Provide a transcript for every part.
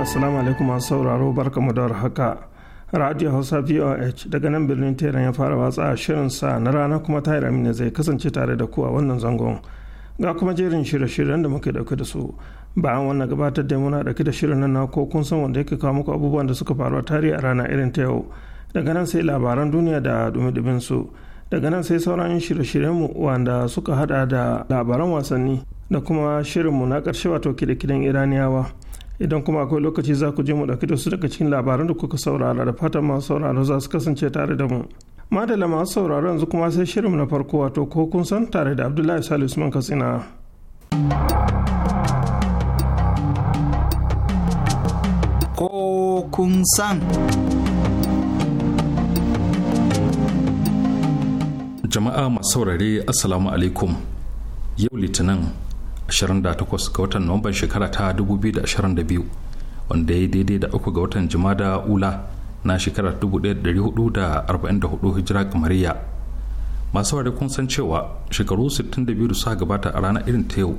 assalamu alaikum masu sauraro barkamu da haka radio hausa voh daga nan birnin teran ya fara watsa shirin sa na rana kuma tahir amina zai kasance tare da ku a wannan zangon ga kuma jerin shirye-shiryen da muke dauke da su bayan wannan gabatar da muna dauke da shirin nan na ko kun san wanda yake kawo muku abubuwan da suka faru a tarihi a rana irin ta yau daga nan sai labaran duniya da dumi su daga nan sai sauran shirye mu wanda suka hada da labaran wasanni da kuma shirinmu na karshe wato kide-kiden iraniyawa idan kuma akwai lokaci za ku je mu ɗauki da su daga cikin labaran da kuka saurara da fatan masu sauraro za su kasance tare da mu Madala masu sauraro yanzu kuma sai shirin na farko wato ko kun san tare da abdullahi salisu usman katsina ko kun san jama'a masu saurare assalamu alaikum yau litinin 28 ga watan nuwamban shekara ta 2022 wanda ya daidai da uku ga watan jumada ula na shekarar 1444 hijira kamariya masu ware kun san cewa shekaru 62 da suka gabata a ranar irin ta yau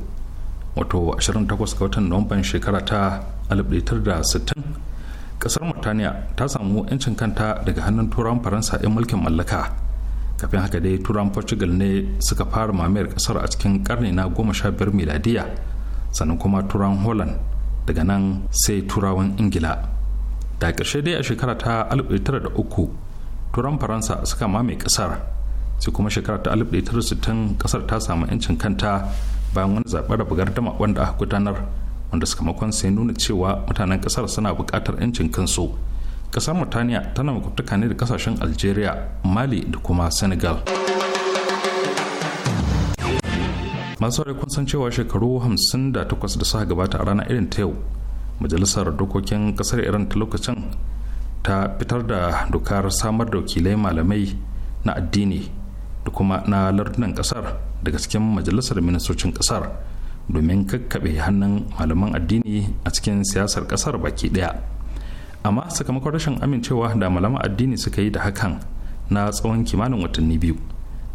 wato 28 ga watan nuwamban shekara ta 1960 kasar murtaniya ta samu 'yancin kanta daga hannun turawan faransa 'yan mulkin mallaka kafin haka dai turan portugal ne suka fara mamayar kasar a cikin karni na goma sha biyar miladiya sannan kuma turan holland daga nan sai turawan ingila da ƙarshe dai a shekara ta 1903 turan faransa suka mame kasar sai kuma shekara ta 1960 kasar ta samu 'yancin kanta bayan wani zaɓen bugar dama wanda aka gudanar wanda sakamakon sai nuna cewa mutanen kasar suna buƙatar 'yancin kansu ƙasar murtaniya tana makwabtaka ne da kasashen algeria mali da kuma senegal masu kun san cewa shekaru 58 da suka gabata a ranar irin ta yau majalisar dokokin kasar iran ta lokacin ta fitar da dokar samar da wakilai malamai na addini da kuma na lardunan kasar daga cikin majalisar ministocin kasar domin kakkaɓe hannun malaman addini a cikin siyasar kasar baki ɗaya amma sakamakon rashin amincewa da malaman addini suka yi da hakan na tsawon kimanin watanni biyu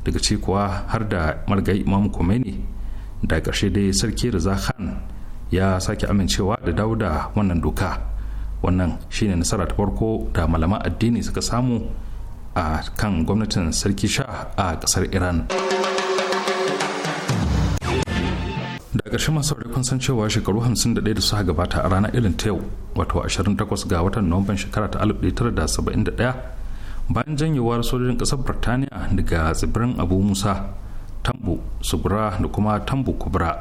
daga cekuwa kuwa har da margai imam Khomeini da ƙarshe dai sarki Reza Khan ya sake amincewa da dawo wannan doka wannan shine nasara ta farko da malaman addini suka samu a kan gwamnatin sarki sha a ƙasar Iran. karshe masu saurari kun san cewa shekaru 51 da suka gabata a ranar irin ta yau wato 28 ga watan nuwamban shekara ta 1971 bayan janyewar sojojin kasar birtaniya daga tsibirin abu musa tambu subura da kuma tambu kubra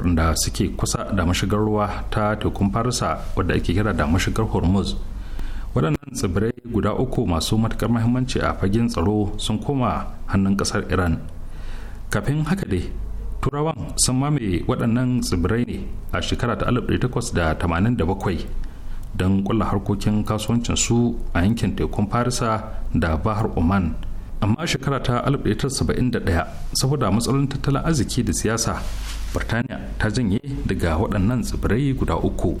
waɗanda suke kusa da mashigar ruwa ta tekun farisa wadda ake kira da mashigar hormuz waɗannan tsibirai guda uku masu matuƙar mahimmanci a fagen tsaro sun koma hannun ƙasar iran kafin haka dai turawan sun mamaye waɗannan tsibirai ne a shekara ta 1887 don ƙulla harkokin kasuwancin su a yankin tekun farisa da bahar oman amma shekara ta 1971 saboda matsalolin tattalin arziki da siyasa birtaniya ta janye daga waɗannan tsibirai guda uku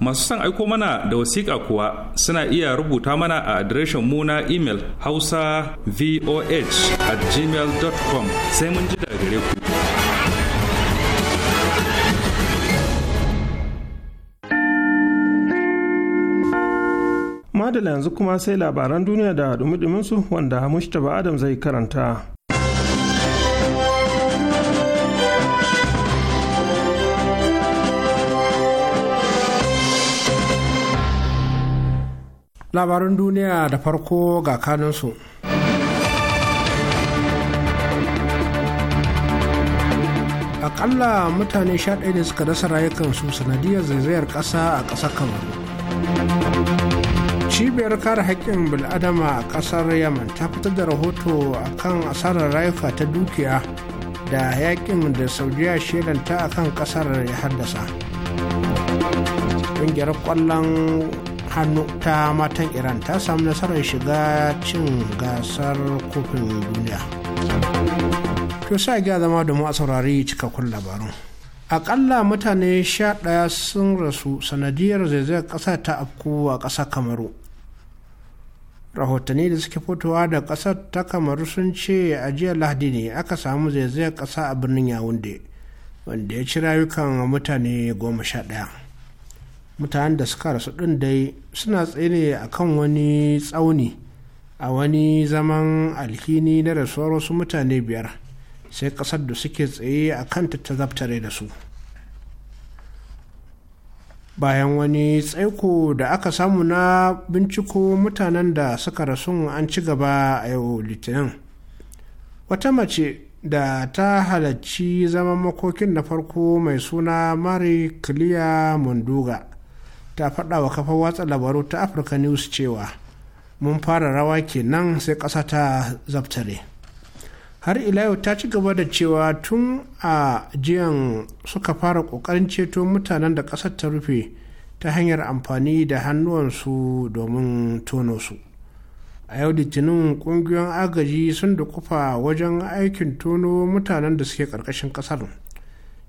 masu son aiko mana da wasiƙa kuwa suna iya rubuta mana a adireshin mu na imel hausa voh at gmail.com sai mun ji da gare ku madala yanzu kuma sai labaran duniya da dumi su wanda mustapha adam zai karanta labaran duniya da farko ga kanunsu. akalla mutane sha ɗaya ne suka rasa rayukansu sanadiyar zaizayar ƙasa a ƙasar kamaru cibiyar kare haƙƙin bil'adama a ƙasar yaman ta fitar da rahoto a kan asarar rayuka ta dukiya da yaƙin da saudiya shelanta a kan ƙasar ya haddasa ƙungiyar ƙwallon hannu ta matan iran ta samu nasarar shiga cin gasar kofin duniya to sa ga zama da mu a saurari cikakkun labarun akalla mutane sha ɗaya sun rasu sanadiyar zaizayar ƙasa ta afku a ƙasa kamaru rahotanni da suke fitowa da ƙasar ta kamaru sun ce a jiya lahadi ne aka samu zaizayar ƙasa a birnin yawunde wanda ya ci rayukan mutane goma sha ɗaya mutanen da suka rasu ɗin dai suna tsere a kan wani tsauni a wani zaman alhini na rasuwar wasu mutane biyar sai ƙasar da suke tsaye a kanta ta zabtare da su bayan wani tsaiko da aka samu na binciko mutanen da suka rasu an ci gaba a yau litinin wata mace da ta halarci zaman makokin na farko mai suna mari kiliya munduga ta faɗa wa kafar watsa labaru ta africa news cewa mun fara rawa kenan sai ƙasa ta zaftare har ila yau ta ci gaba da cewa tun a jiyan suka fara ƙoƙarin ceto mutanen da ƙasar ta rufe ta hanyar amfani da hannuwansu domin tono su a yau litinin ƙungiyoyin agaji sun da kufa wajen aikin tono mutanen da suke ƙarƙashin ƙasar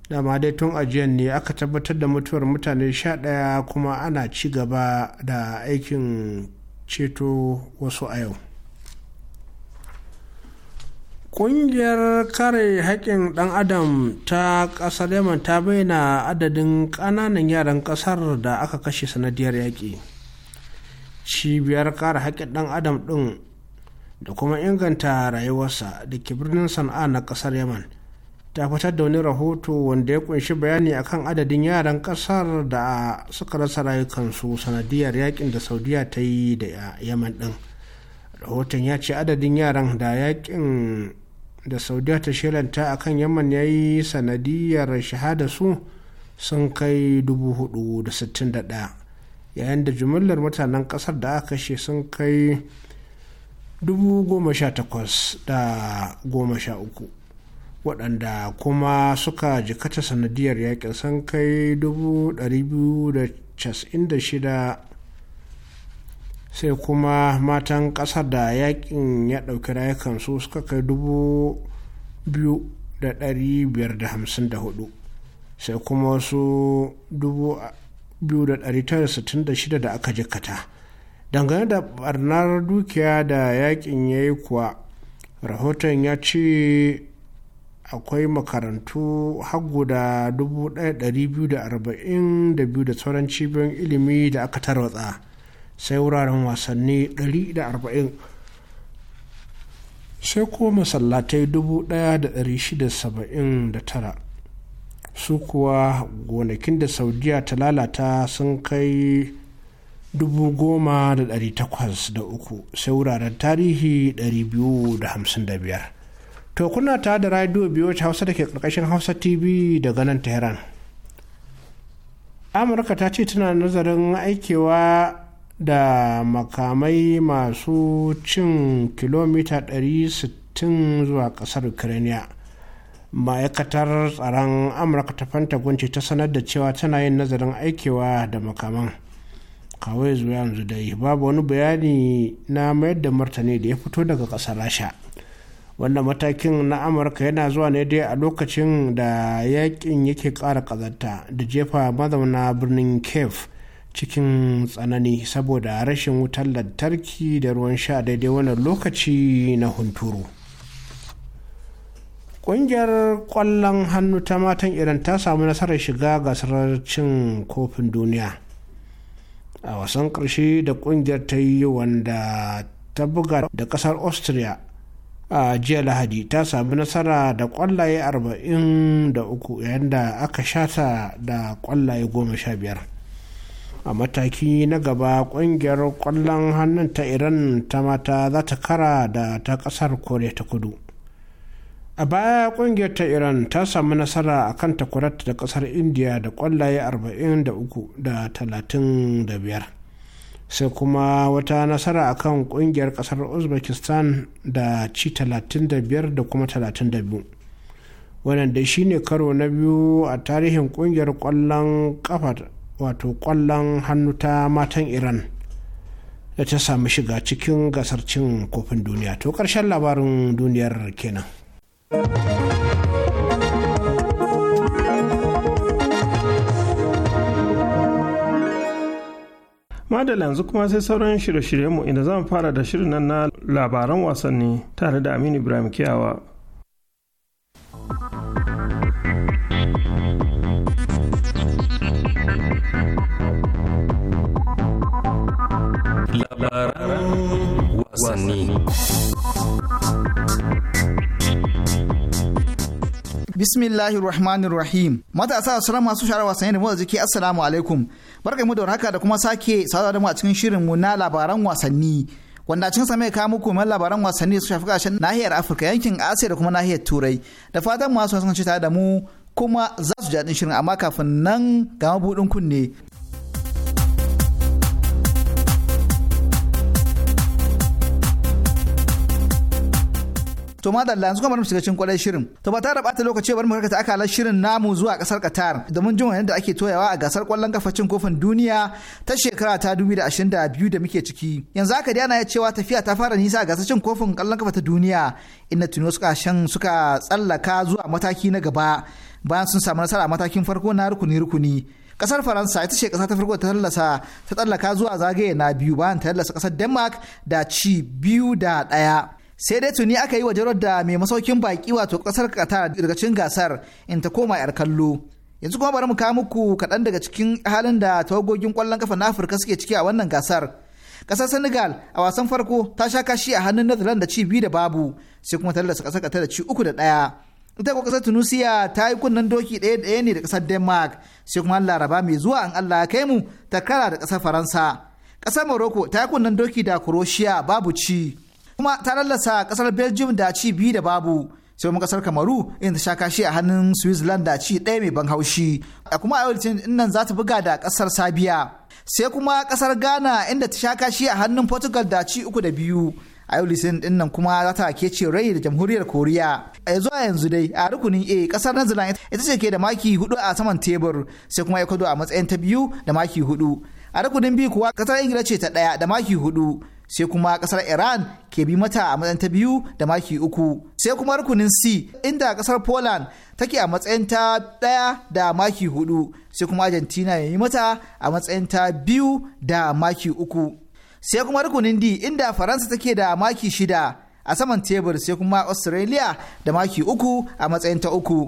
dama dai tun ajiyar ne aka tabbatar da mutuwar mutane sha ɗaya kuma ana ci gaba da aikin ceto wasu a yau ƙungiyar kare haƙƙin ɗan adam ta ƙasar yaman ta bayyana adadin ƙananan yaran ƙasar da aka kashe sanadiyar yaƙi cibiyar kare haƙƙin ɗan adam ɗin da kuma inganta rayuwarsa da ke birnin sana'a na ƙasar yaman ta fitar da wani rahoto wanda ya kunshi bayani akan adadin yaran kasar da suka rasa rayukansu sanadiyar yakin da saudiya ta yi da yaman din rahoton ya ce adadin yaran da yakin da saudiya ta shiranta akan yaman ya yi sanadiyar shahada su sun kai 461 yayin da jumillar mutanen kasar da aka kashe sun kai 18,013 waɗanda kuma suka jikata sanadiyar yakin san kai 296 sai kuma matan ƙasar da yakin ya ɗauki rayukansu suka kai 2,554 sai kuma wasu 2,966 da aka jikata dangane da barnar dukiya da yakin ya yi kuwa rahoton ya ce akwai makarantu har guda 1242 da sauran cibiyoyin ilimi da aka tarwatsa sai wuraren wasanni 140 sai kuma masallatai 1679 su kuwa gonakin da saudiya ta lalata sun kai goma da uku sai wuraren tarihi da 255 To kuna ta da radio biyoci Hausa da ke ƙarƙashin Hausa TV daga nan Tehran. Amurka ta ce tana nazarin aikewa da makamai masu cin kilomita 160 zuwa kasar Ukraine. Ma'aikatar tsaron Amurka ta fanta ce ta sanar da cewa tana yin nazarin aikewa da makaman. Kawai zuwa yanzu dai babu wani bayani na mayar da martani da ya fito daga ƙasar Rasha. wannan matakin na amurka yana zuwa ne dai a lokacin da yakin yake ƙara ƙazanta da jefa mazauna birnin kef cikin tsanani saboda rashin wutar lantarki da ruwan sha daidai wannan lokaci na hunturu ƙungiyar ƙwallon hannu ta matan iran ta samu nasarar shiga gasar cin kofin duniya a wasan ƙarshe da ƙungiyar ta yi wanda ta buga da ƙasar austria a jiya lahadi ta sami nasara da kwallaye 43 yayin da aka shata da kwallaye 15 a mataki na gaba kungiyar kwallon hannun ta iran ta mata za ta kara da ta kasar koriya ta kudu a baya kungiyar ta iran ta samu nasara a kan takwarar da kasar indiya da kwallaye 43 da 35 sai kuma wata nasara akan kungiyar kasar uzbekistan da ci 35 da kuma 32 wannan da shine karo na biyu a tarihin kungiyar kwallon kafa wato kwallon hannu ta matan iran da ta sami shiga cikin gasar cin kofin duniya to karshen labarin duniyar kenan. madala yanzu kuma sai sauran shirye-shiryenmu inda zan fara da shirin nan na labaran wasanni tare da aminu ibrahim kiyawa labaran wasanni Bismillahir Rahmanir Rahim. Matasa sauran masu shara wasanni da motsa jiki Assalamu alaikum. Barka mu da haka da kuma sake sada da mu a cikin shirin mu na labaran wasanni. Wanda cikin sa mai kawo muku labaran wasanni su shafi kashin nahiyar Afirka yankin Asiya da kuma nahiyar Turai. Da fatan masu sun ci tare da mu kuma za su ji daɗin shirin amma kafin nan ga mabuɗin kunne To ma dalla yanzu kuma mu shiga cikin kwarai shirin. To ba ta da bata lokaci bari mu karkata akalar shirin namu zuwa kasar Qatar domin jin yadda ake toyawa a gasar kwallon kafa cin kofin duniya ta shekara ta 2022 da muke ciki. Yanzu haka dai ana ya cewa tafiya ta fara nisa a gasar cin kofin kwallon kafa ta duniya inda tuno suka shan suka tsallaka zuwa mataki na gaba bayan sun samu nasara a matakin farko na rukuni rukuni. kasar faransa ita ce kasa ta farko ta tallasa ta tsallaka zuwa zagaye na biyu bayan ta tallasa kasar denmark da ci biyu da ɗaya sai dai tuni aka yi wa jarar da mai masaukin baki wato kasar qatar daga cikin gasar in ta koma yar kallo yanzu kuma bari mu kawo muku kaɗan daga cikin halin da tawagogin ƙwallon kafa na afirka suke ciki a wannan gasar ƙasar senegal a wasan farko ta sha kashi a hannun netherlands da ci biyu da babu sai kuma ta lalasa ƙasar qatar da ci uku da ɗaya ita kuma ƙasar tunisia ta yi kunnen doki ɗaya ɗaya ne da ƙasar denmark sai kuma laraba mai zuwa an allah ya kai mu ta kara da ƙasar faransa ƙasar morocco ta yi kunnen doki da croatia babu ci kuma ta lallasa kasar belgium da ci biyu da babu sai kuma kasar kamaru inda ta sha kashi a hannun switzerland da ci ɗaya mai ban haushi a kuma a nan za ta buga da kasar sabiya sai kuma kasar ghana inda ta sha kashi a hannun portugal da ci uku da biyu a din nan kuma za ta kece rai da jamhuriyar koriya a yanzu a yanzu dai a rukunin a kasar netherlands ita ce ke da maki hudu a saman tebur sai kuma ecuador a matsayin ta biyu da maki hudu a rukunin b kuwa kasar ingila ce ta daya da maki hudu sai kuma kasar iran ke bi mata a matsayin ta biyu da maki uku sai kuma rukunin c inda kasar poland take a matsayin ta daya da maki hudu sai kuma argentina ya yi mata a matsayin ta biyu da maki uku sai kuma rukunin d inda faransa take da maki shida a saman tebur sai kuma australia da maki uku a matsayin ta uku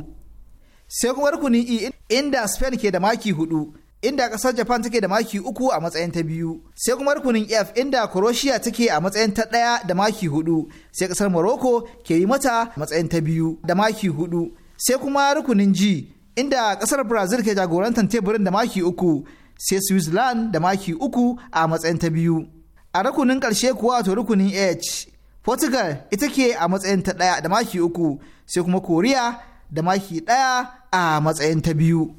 sai kuma rukunin e inda spain ke da maki hudu inda kasar Japan take da maki uku a matsayin ta biyu, sai kuma rukunin F inda Croatia take a matsayin ta ɗaya da maki hudu, sai kasar Morocco ke yi mata matsayin ta biyu da maki hudu, sai kuma rukunin G inda kasar Brazil ke jagorantar teburin da maki uku, sai Switzerland da maki uku a matsayin ta biyu. A rukunin karshe kuwa to rukunin H, Portugal ita ke a matsayin ta ɗaya da maki uku, sai kuma Korea da maki ɗaya a matsayin ta biyu.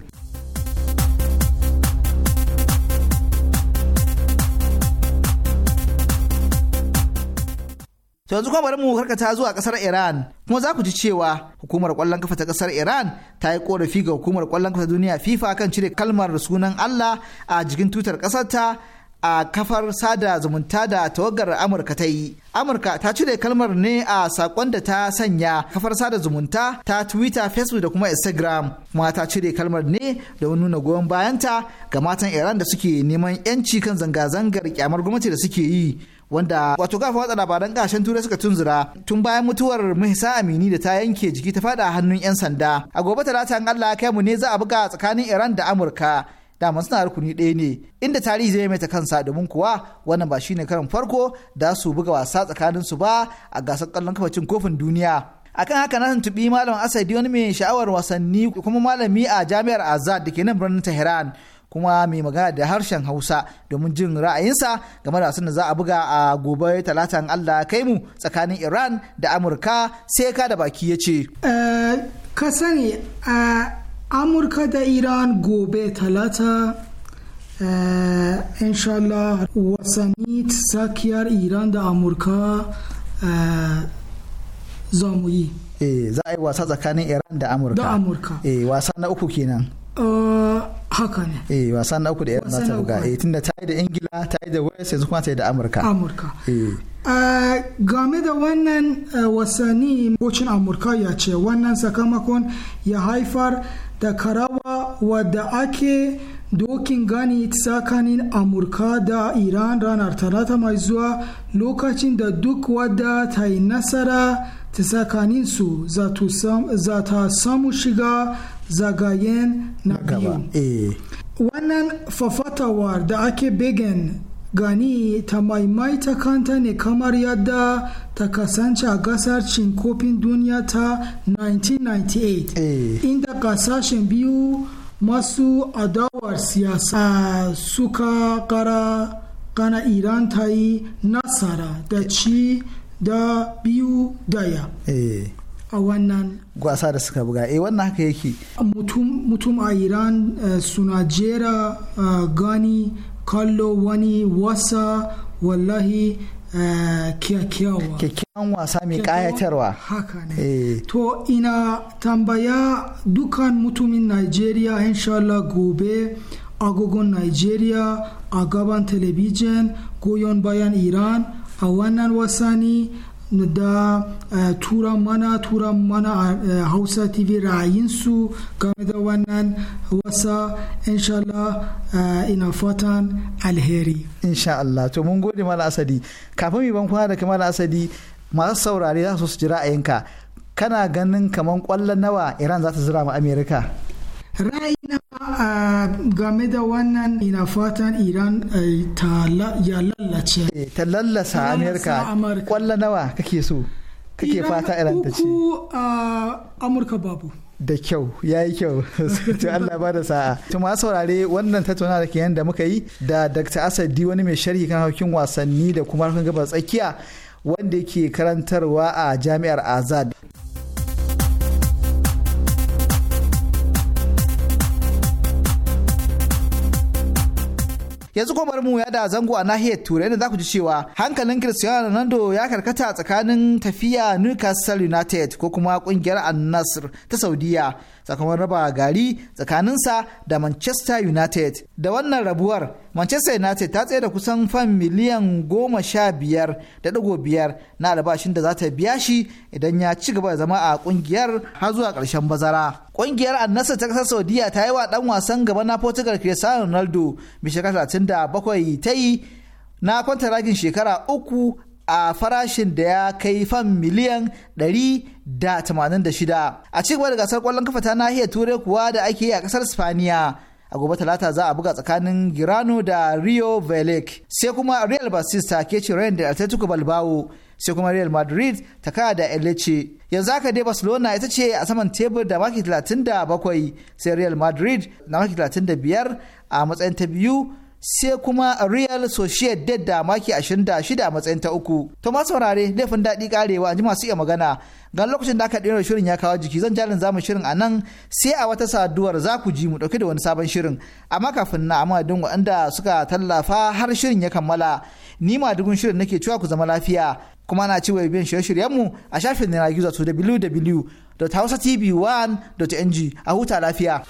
To yanzu kuma bari mu karkata zuwa kasar Iran kuma za ku ji cewa hukumar kwallon kafa ta kasar Iran ta yi korafi ga hukumar kwallon kafa duniya FIFA kan cire kalmar sunan Allah a jikin tutar kasar ta a kafar sada zumunta da tawagar Amurka ta yi. Amurka ta cire kalmar ne a sakon da ta sanya kafar sada zumunta ta Twitter, Facebook da kuma Instagram. Kuma ta cire kalmar ne da nuna goyon bayanta ga matan Iran da suke neman 'yanci kan zanga-zangar kyamar gwamnati da suke yi. wanda wato gafa watsa labaran gashin turai suka tunzura tun bayan mutuwar mahisa amini da ta yanke jiki ta fada hannun yan sanda a gobe talata an allah kai mu ne za a buga tsakanin iran da amurka dama suna rukuni ɗaya ne inda tarihi zai mai ta kansa domin kuwa wannan ba shine karin farko da su buga wasa tsakanin su ba a gasar kallon kafacin kofin duniya akan haka na tuntuɓi malam asadi wani mai sha'awar wasanni kuma malami a jami'ar azad da ke nan birnin tehran kuma mai magana da harshen hausa domin jin ra'ayinsa game da wasan da za a buga a gobe talatan allah kai mu tsakanin iran da amurka sai ka da baki ya ce eh, ka sani a eh, amurka da iran gobe talata eh, inshallah wasanni tsakiyar iran da amurka za mu yi za a yi wasa tsakanin iran da amurka wasa na uku kenan haka ne eh wasa na uku da yan nata buga eh tunda ta yi da ingila ta yi da wales yanzu kuma ta yi da amurka amurka eh, eh game da wannan eh, wasanni kocin amurka ya ce wannan sakamakon ya haifar da karawa wadda ake dokin gani tsakanin amurka da iran ranar talata mai zuwa lokacin da duk wadda ta yi nasara tsakanin zata za ta samu shiga zagayen na biyu eh. wannan fafatawar da ake begin gani ta maimaita kanta ne kamar yadda ta kasance a gasar cin kofin duniya ta 1998 eh. inda kasashen biyu masu adawar siyasa suka kara kana iran ta yi nasara da ci da biyu daya eh. a wannan gwasa da suka buga eh wannan haka yake mutum a iran eh, suna jera eh, gani kallo wani wasa wallahi eh, kyakkyawa kyakkyawan wasa mai kayatarwa haka ne to ina tambaya dukan mutumin nigeria inshallah gobe agogon nigeria a gaban talabijin goyon bayan iran a wannan wasani da e, turan mana turan mana a e, hausa tv ra'ayinsu game da wannan wasa inshallah e, ina fatan alheri inshallah to mun gode mala asadi kafin mu ban kwana da kamar asadi masu saurare za su ji ra'ayinka kana ganin kamar kwallon nawa iran za ta zira ma amerika ra'ayina game da wannan ina fatan iran eh, ya lallace eh, ta lallasa amurka kwallo nawa kake so kake fata iran ta ce amurka babu da kyau ya yi kyau to Allah ba da sa'a to ma saurare wannan tattauna da kenan da muka yi da Dr. Asadi wani mai sharhi kan harkokin wasanni da kuma harkokin gabas tsakiya wanda yake karantarwa a Jami'ar Azad yanzu kuma mu ya da zango a nahiyar turai da za ku ji cewa hankalin cristiano ronaldo ya karkata tsakanin tafiya newcastle united ko kuma kungiyar al ta saudiya sakamakon raba gari tsakaninsa da manchester united da wannan rabuwar manchester united ta tsaye da kusan fan miliyan goma sha biyar da digo biyar na albashin da za ta biya shi idan ya ci gaba da zama a kungiyar har zuwa karshen bazara kungiyar annasa ta kasar saudiya ta yi wa dan wasan gaba na portugal cristiano ronaldo mai shekara 37 ta yi na ragin shekara uku a farashin da ya kai fan miliyan 186 a cigaba da gasar kwallon kafa ta nahiyar turai kuwa da ake yi a kasar spaniya a gobe talata za a buga tsakanin girano da rio velik sai kuma real basista ke ci da atletico balbao sai kuma real madrid ta kaya da elece yanzu haka dai barcelona ita ce a saman tebur da maki 37 sai real madrid na maki 35 a matsayin ta biyu sai kuma real sociedad da maki 26 a matsayin ta uku to ma saurare laifin daɗi karewa ji masu iya magana ga lokacin da aka da shirin ya kawo jiki zan jalin zamu shirin a nan sai a wata saduwar za ku ji mu ɗauki da wani sabon shirin amma kafin na amma dun waɗanda suka tallafa har shirin ya kammala ni ma dugun shirin nake cewa ku zama lafiya kuma na ci biyan shirye-shiryenmu a shafin na gizo to www.hausatv1.ng a huta lafiya.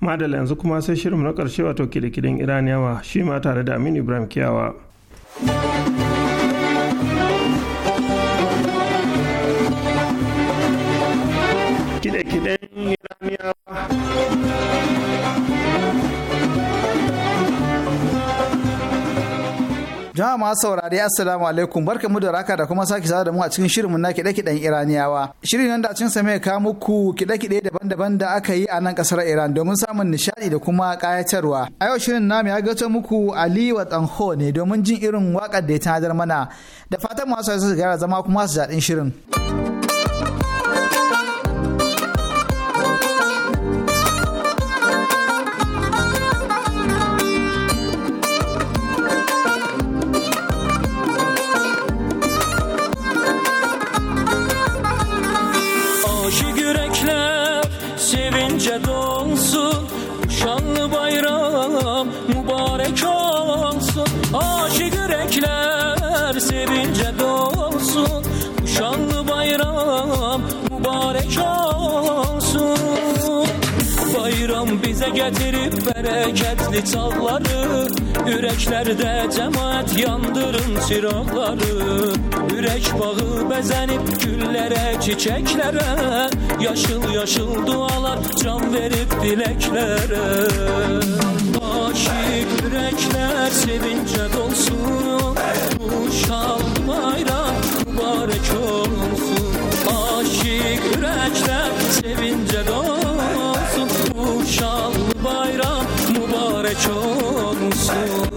madala yanzu kuma sai shirin na karshe wato kidikidin iraniyawa shi ma tare da aminu ibrahim kiyawa kide-kide jama'a masu saurari assalamu alaikum barkamu da raka da kuma sake sada da mu a cikin shirinmu na kiɗe-kiɗen iraniyawa shirin nan da cin sa mai kawo muku kiɗe kide daban-daban da aka yi a nan ƙasar iran domin samun nishaɗi da kuma kayatarwa. a yau shirin namu ya gato muku ali wa tsanho ne domin jin irin waƙar da ya tanadar mana da fatan masu su gara zama kuma su daɗin shirin. bayram mübarek olsun Aşık yürekler sevince dolsun Bu şanlı bayram mübarek olsun Bayram bize getirip bereketli çalları Yüreklerde cemaat yandırın çıraqları Yürek bağı bezenip güllere çiçeklere Yaşıl yaşıl dualar can verip dileklere Aşık yürekler sevince dolsun Bu şal bayram mübarek olsun Aşık yürekler sevince dolsun Bu şal bayram mübarek olsun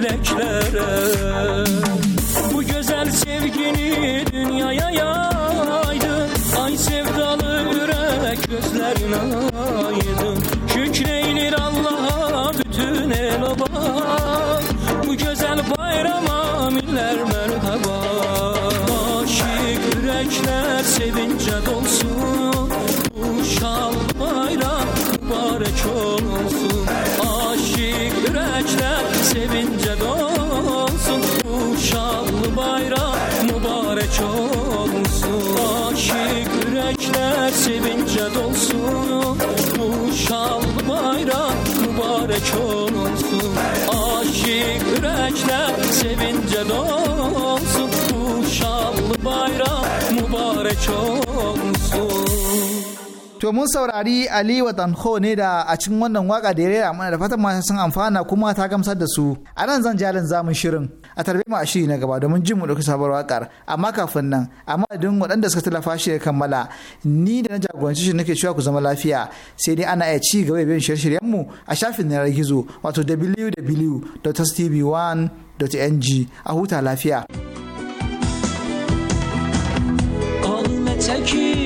meleklere Bu güzel sevgini dünyaya yaydın Ay sevdalı yürek gözlerin aydın Şükreylir Allah'a bütün el oba Bu güzel bayrama miller merhaba Aşık yürekler sevince dolsun Bu şal olsun Aşık yürekler sevince dolsun Bu şanlı bayram mübarek olsun To mun saurari Ali Watanho ne da a cikin wannan waka da ya rera mana da fatan masu sun amfana kuma ta gamsar da su. A nan zan jalin zamun shirin a tarbe mu a shiri na gaba domin jin mu ɗauki sabuwar wakar amma kafin nan amma idan waɗanda suka tallafa shi ya kammala ni da na jagoranci shi nake cewa ku zama lafiya sai dai ana iya ci gaba da bin shirye-shiryen mu a shafin yanar gizo wato www.tv1.ng a huta lafiya.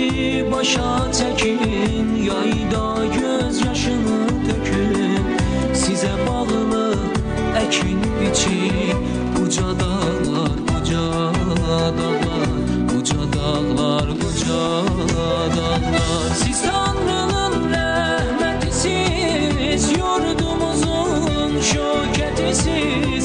Dili başa çəkin, yayda göz yaşını tökün Sizə bağlı əkin biçin Uca dağlar, uca dağlar Uca dağlar, uca dağlar Siz Tanrının rəhmətisiz Yurdumuzun şökətisiz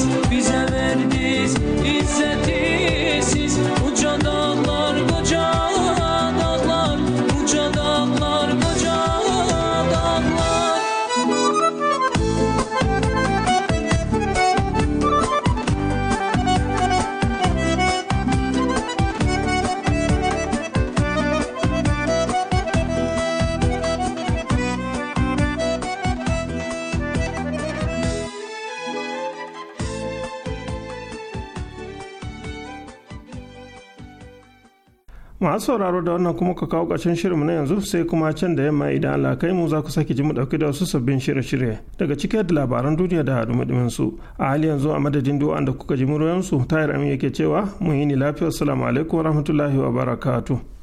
masu sauraro da wannan kuma ka kawo ƙarshen shirinmu na yanzu sai kuma can da yamma idan Allah kai mu za ku sake ji mu ɗauki da wasu sabbin shirye-shirye daga cikin da labaran duniya da dumi su a hali yanzu a madadin duwa da kuka ji muryoyin su tayar amin yake cewa mun yi ni lafiya assalamu alaikum warahmatullahi wabarakatuh